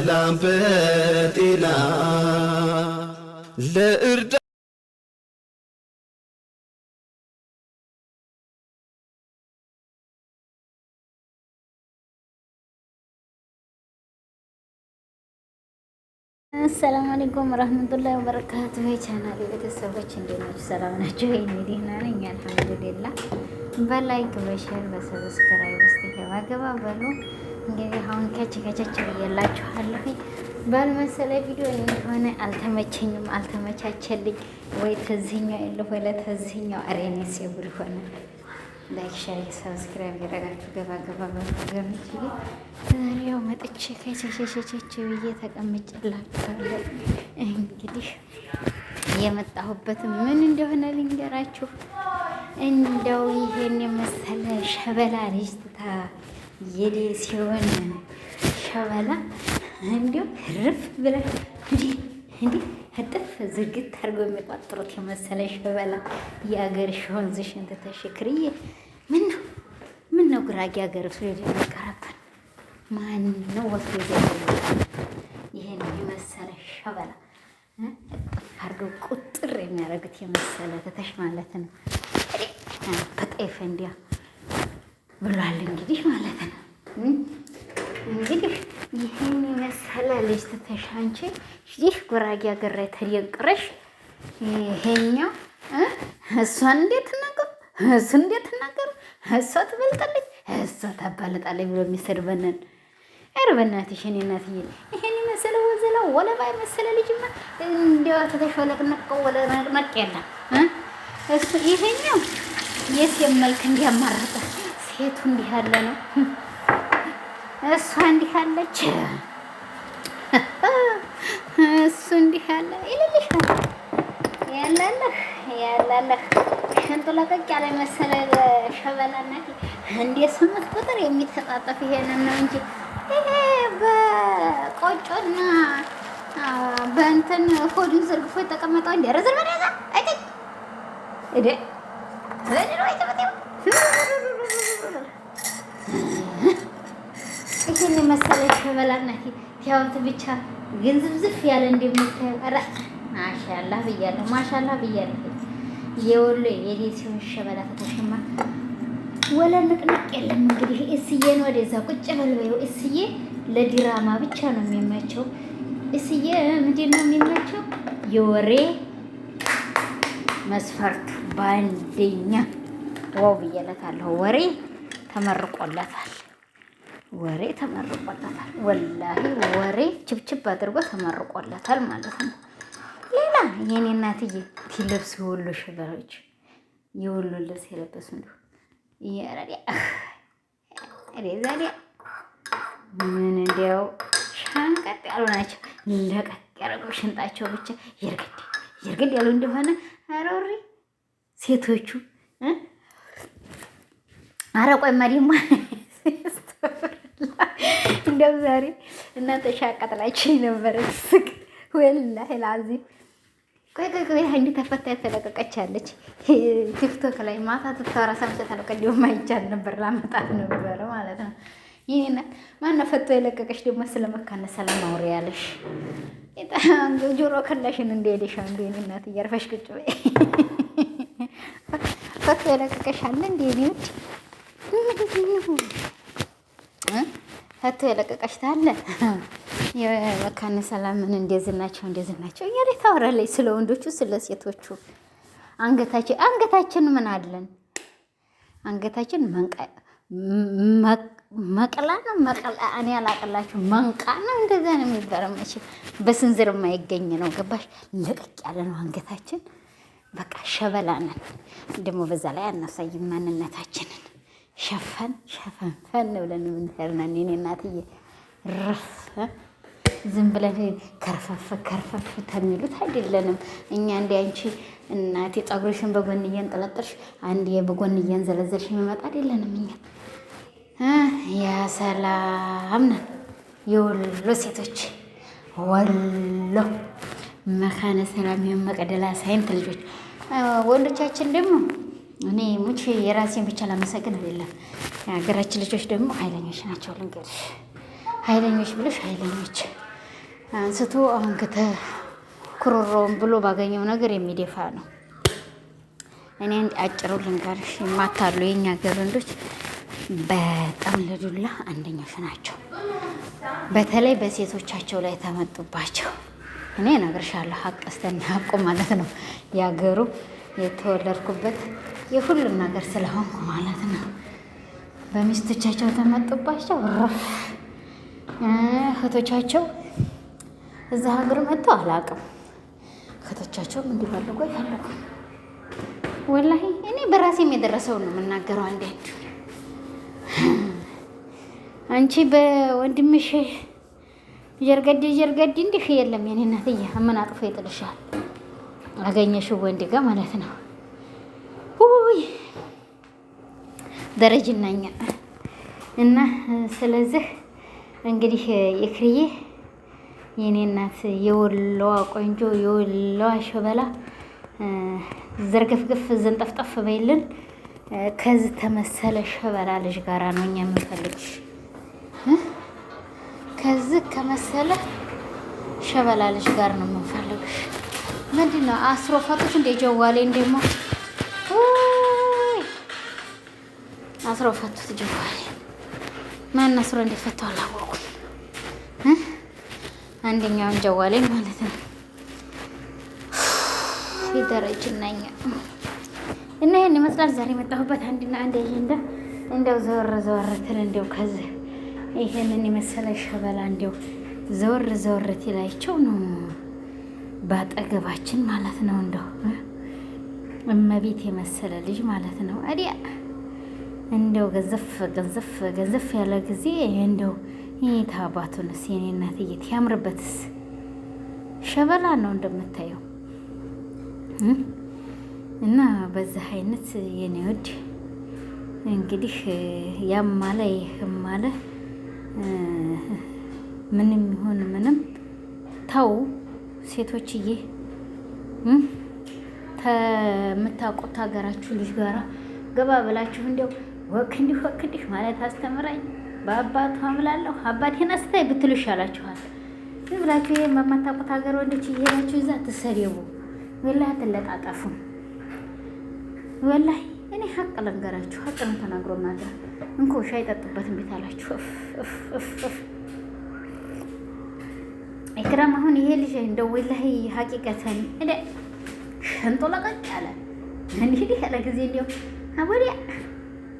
በሰላም በጤና ለእርዳ አሰላሙ አለይኩም ወራህመቱላሂ ወበረካቱ። የቻናል ቤተሰቦች እንዴት ናችሁ? ሰላም ናችሁ? እንግዲህ ና ነኝ አልሐምዱሊላህ። በላይክ በሸር በሰብስክራይብ ውስጥ ገባ ገባ በሉ እንግዲህ አሁን ከች ከቸች ብዬላችኋለሁ። ባልመሰለ ቪዲዮ እንደሆነ አልተመቸኝም፣ አልተመቻቸልኝ ወይ ተዚህኛው የለሁ ወይ ለተዚህኛው አሬኔስ የጉድ ሆነ። ላይክ ሸር፣ ሰብስክራይብ ያደረጋችሁ ገባ ገባ በገርምች ዛሬው መጥቼ ከቸቸቸቸች ብዬ ተቀምጬላችኋለሁ። እንግዲህ የመጣሁበት ምን እንደሆነ ልንገራችሁ። እንደው ይሄን የመሰለ ሸበላ ልጅ ትታ የደሴውን ሸበላ እንዲሁ ርፍ ብለን እንዲህ እንዲህ እጥፍ ዝግት አድርጎ የሚቋጥሩት የመሰለ ሸበላ የአገር ሸወንዝሽን ተተሽክርዬ ምን ነው ምን ነው ጉራጌ ሀገር ሱ የሚቀረብን ማን ነው ወስዶ ይሄን የመሰለ ሸበላ አድርገው ቁጥር የሚያደርጉት የመሰለ ተተሽ ማለት ነው በጤፍ እንዲያ ብሏል። እንግዲህ ማለት ነው እንግዲህ ይህን የመሰለ ልጅ ትተሽ አንቺ ይህ ጉራጌ ሀገር ላይ ተደንቅረሽ ይሄኛው እሷ እንዴት ነገር እሱ እንዴት ነገር እሷ ትበልጣለች እሷ ታባልጣለች ብሎ የሚሰድበንን ኧረ በእናትሽ የእኔ እናትዬ ይሄን የመሰለ ወዘላ ወለባ የመሰለ ልጅማ እንዲያው ትተሽ ወለቅነቀው ወለቅነቅ የለም እሱ ይሄኛው የት የመልክ እንዲያማርጠ ሴቱ እንዲህ ያለ ነው፣ እሷ እንዲህ ያለች፣ እሱ እንዲህ ያለ ይልልሽ ያላለህ ያላለህ ሽንጡ ለቀቅ ያለ መሰለ ሸበላ እናቴ፣ እንደ ስምንት ቁጥር የሚተጣጠፍ ይሄንን ነው እንጂ ይሄ በቆጮና በእንትን ሆዱን ዘርግፎ የተቀመጠው እንደ ረዘር መዳዛ አይተኝ እዴ ዘንድሮ አይተመቴ እንትን የመሰለ ሸበላና ቲያውት ብቻ ግን ዝብዝፍ ያለ እንደምታየው ኧረ ማሻላ ብያለሁ፣ ማሻላ ብያለሁ። የወሎ የደሴውን ሸበላ ተተሸማ ወላ ንቅንቅ የለም። እንግዲህ እስዬን ወደዛ ቁጭ በልበዩ። እስዬ ለድራማ ብቻ ነው የሚመቸው። እስዬ ምንድን ነው የሚመቸው? የወሬ መስፈርቱ በአንደኛ ዋው ብያለታለሁ። ወሬ ተመርቆለታል። ወሬ ተመርቆለታል። ወላሂ ወሬ ችብችብ አድርጎ ተመርቆለታል ማለት ነው። ሌላ የኔ እናትዬ ልብስ የወሎ ሽበሮች የወሎ ልብስ የለበሱ እንዲሁ ዛሬ ምን እንዲያው ሻንቀጥ ያሉ ናቸው። ለቀቅ ያደረገው ሽንጣቸው ብቻ የርግድ የርግድ ያሉ እንደሆነ አረሪ ሴቶቹ አረቆይ መዲማ እንደው ዛሬ እናንተ ሻቀጥላችሁ ነበረ ስቅ ወላሂ ላዚም ቆይ ቆይ ቆይ አንድ አለች ቲክቶክ ላይ ማታ ትታወራ ሰምቼ አይቻል ነበር ላመጣት ነበረ ማለት ነው። ፈቶ የለቀቀች ደግሞ ስለ መካነ ሰላም አውሪ ያለሽ ጆሮ ከላሽን እንደሄደሽ አንዱ የእኔ እናት እያርፈሽ ቁጭ በይ። ፈቶ የለቀቀሽ አለ እንደ እኔ ውጭ ፈቶ የለቀቀች ታለ የመካነ ሰላምን እንደዚህ ናቸው እንደዚህ ናቸው እያለ ታወራለች። ስለ ወንዶቹ፣ ስለ ሴቶቹ አንገታችን አንገታችን ምን አለን? አንገታችን መቅላ ነው መቅላ። እኔ ያላቅላችሁ መንቃ ነው እንደዛ ነው የሚባለው። መቼም በስንዝር የማይገኝ ነው። ገባሽ? ለቀቅ ያለ ነው አንገታችን። በቃ ሸበላ ነን። ደግሞ በዛ ላይ አናሳይም ማንነታችንን ሸፈን ሸፈንፈን ብለን የምንሄድ ነን። እናትዬ ረፍ ዝም ብለን ከርፈፍ ከርፈፍ ተሚሉት አይደለንም እኛ። እንደ አንቺ እናቴ ፀጉርሽን በጎን እያንጠለጠልሽ አንድ በጎን እያንዘለዘልሽ የሚመጣ አይደለንም እኛ። ያ ሰላም ነን የወሎ ሴቶች ወሎ መካነ ሰላም የመቅደላ ሳይንት ልጆች ወንዶቻችን ደግሞ እኔ ሙቼ የራሴን ብቻ ላመሰግን አይደለም። የሀገራችን ልጆች ደግሞ ኃይለኞች ናቸው። ልንገርሽ፣ ኃይለኞች ብለሽ ኃይለኞች አንስቶ አሁን ከተ ኩሮሮውን ብሎ ባገኘው ነገር የሚደፋ ነው። እኔ አንድ አጭሩ ልንገርሽ፣ ይማታሉ። የኛ ሀገር ወንዶች በጣም ለዱላ አንደኞች ናቸው። በተለይ በሴቶቻቸው ላይ ተመጡባቸው። እኔ እነግርሻለሁ፣ ሀቅ ስተና ሀቁ ማለት ነው ያገሩ የተወለድኩበት የሁሉም ነገር ስለሆንኩ ማለት ነው። በሚስቶቻቸው ተመጡባቸው ረፍ እህቶቻቸው እዛ ሀገር መጥተው አላውቅም። እህቶቻቸውም እንዲፈልጉ አይፈልጉም። ወላሂ እኔ በራሴም የደረሰውን ነው የምናገረው። አንዳንዱ አንቺ በወንድምሽ ጀርገዲ ጀርገዴ እንዲህ የለም የኔ እናትዬ፣ ምን አጥፎ ይጥልሻል? አገኘሽው ወንድ ጋር ማለት ነው። ውይ ደረጅና እና ስለዚህ እንግዲህ የክርዬ የኔ እናት የወሎዋ ቆንጆ የወሎዋ ሸበላ ዘርግፍግፍ ዘንጠፍጠፍ በይልን። ከዚህ ተመሰለ ሸበላ ልጅ ጋራ ነው እኛ የምንፈልግሽ። ከዚህ ከመሰለ ሸበላ ልጅ ጋር ነው የምንፈልግሽ። ምንድን ነው አስሮ ፈጡት እንደ ጀዋሌን ደግሞ አስሮ ፈቱት። ጀዋሌን ማን አስሮ እንደፈታው አላወኩም። አንደኛውን ጀዋሌን ማለት ነው ይደረጅ እናኛ እና ይህን ይመስላል ዛሬ የመጣሁበት አንድና አንድ አጀንዳ እንደው ዘወር ዘወር ትል እንደው ከዚህ ይህንን የመሰለ ሸበላ እንደው ዘወር ዘወር ትላቸው ነው። በአጠገባችን ማለት ነው። እንደው እመቤት የመሰለ ልጅ ማለት ነው። እዲያ እንደው ገዘፍ ገዘፍ ገዘፍ ያለ ጊዜ እንደው የት አባቱንስ የኔ ያምርበትስ ሸበላ ነው እንደምታየው እና በዚህ አይነት የኔ እንግዲህ ያም ማለ ይህም ምንም ይሁን ምንም ተው። ሴቶችዬ የምታውቁት ሀገራችሁ ልጅ ጋራ ገባ ብላችሁ እንዲያው ወክ እንዲህ ወክ እንዲህ ማለት አስተምራኝ በአባቱ አምላለሁ አባቴን አስታይ ብትሉ ይሻላችኋል። ዝም ብላችሁ ይህ በማታውቁት ሀገር ወንዶች እየሄዳችሁ እዛ ትሰደቡ። ወላ አትለጣጠፉም። ወላ እኔ ሀቅ ልንገራችሁ፣ ሀቅ ነው ተናግሮ ማድረግ እንኮ ሻይ ጠጡበት። እንቤት አላችሁ? እፍ እፍ እፍ ኢክራም አሁን ይሄ ልጅ እንደው ወላሂ ሀቂቀተን እንደ ሸንጦ ለቀቅ ያለ እንዲህ ያለ ጊዜ እንዲያው ወዲያ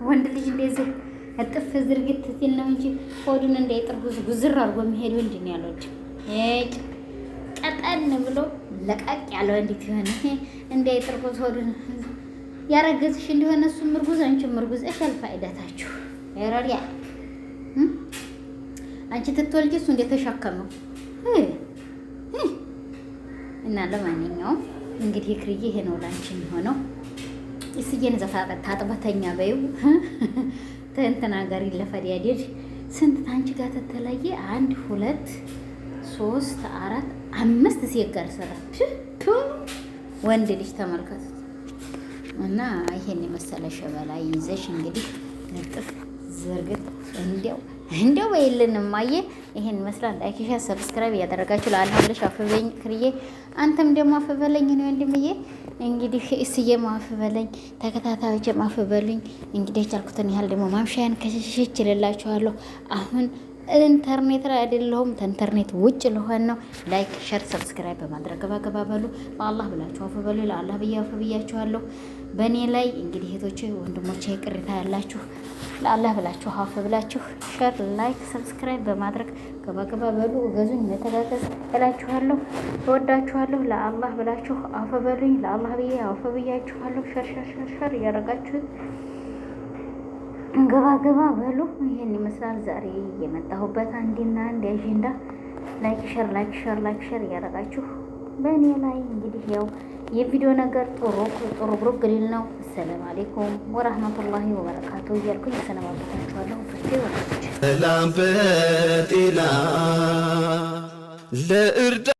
ወንድ ልጅ እንደዚህ እጥፍ ዝርግት ሲል ነው እንጂ ሆዱን እንዳይጥር ጉዝ ጉዝር አድርጎ የሚሄደው እንጂ ነው ያለው እጭ ቀጠን ብሎ ለቀቅ ያለው እንዴት ይሆን እንዳይጥር ጉዝ ሆዱን ያረገዝሽ እንደሆነ እሱ ምርጉዝ አንቺ ምርጉዝ እሺ፣ አልፋይዳታችሁ ያራሪያ አንቺ ትትወልጂ እሱ እንደተሸከመው እና ለማንኛውም እንግዲህ ክርዬ ይሄ ነው ላንቺን የሆነው። እስዬን ታጥበተኛ በይው ተንትና ጋር ይለፈዲያዴድ ስንት ታንቺ ጋር ተተለየ አንድ ሁለት ሶስት አራት አምስት ሴት ጋር ሰራች። ወንድ ልጅ ተመልከቱት። እና ይሄን የመሰለ ሸበላ ይዘሽ እንግዲህ ንጥፍ ዘርግት እንዲያው እንደው በይልን አየ ይሄን ይመስላል። ላይክ፣ ሼር፣ ሰብስክራይብ እያደረጋችሁ ለአላህ ብለሽ አፈበኝ ክርዬ፣ አንተም ደግሞ አፈበለኝ ነው ወንድምዬ። እንግዲህ እስዬ ማፈበለኝ፣ ተከታታዮቼ ማፈበሉኝ። እንግዲህ ቻልኩትን ያህል ደግሞ ማምሻያን ከሸሸች ይልላችኋለሁ አሁን ኢንተርኔት ላይ አይደለሁም ከኢንተርኔት ውጭ ለሆን ነው። ላይክ፣ ሸር፣ ሰብስክራይብ በማድረግ ገባገባ በሉ። በአላህ ብላችሁ አፈ በሉ። ለአላህ ብዬ አፈ ብያችኋለሁ። በእኔ ላይ እንግዲህ እህቶቼ ወንድሞቼ ቅሬታ ያላችሁ ለአላህ ብላችሁ አፈ ብላችሁ ሸር፣ ላይክ፣ ሰብስክራይብ በማድረግ ገባገባ በሉ። እገዙኝ፣ መተጋገዝ እላችኋለሁ። እወዳችኋለሁ። ለአላህ ብላችሁ አፈ በሉኝ። ለአላህ ብዬ አፈ ብያችኋለሁ። ሸር ሸር ሸር ሸር እያደረጋችሁት ገባ ገባ በሉ። ይሄን ይመስላል ዛሬ የመጣሁበት አንድና አንድ አጀንዳ ላይክ ሸር፣ ላይክ ሸር፣ ላይክ ሸር እያደረጋችሁ በእኔ ላይ እንግዲህ ያው የቪዲዮ ነገር ጥሩ ጥሩ ብሩ ግሪል ነው። ሰላም አለይኩም ወራህመቱላሂ ወበረካቱ እያልኩኝ ሰነባበታችኋለሁ። ሰላም በጤና ለእርዳ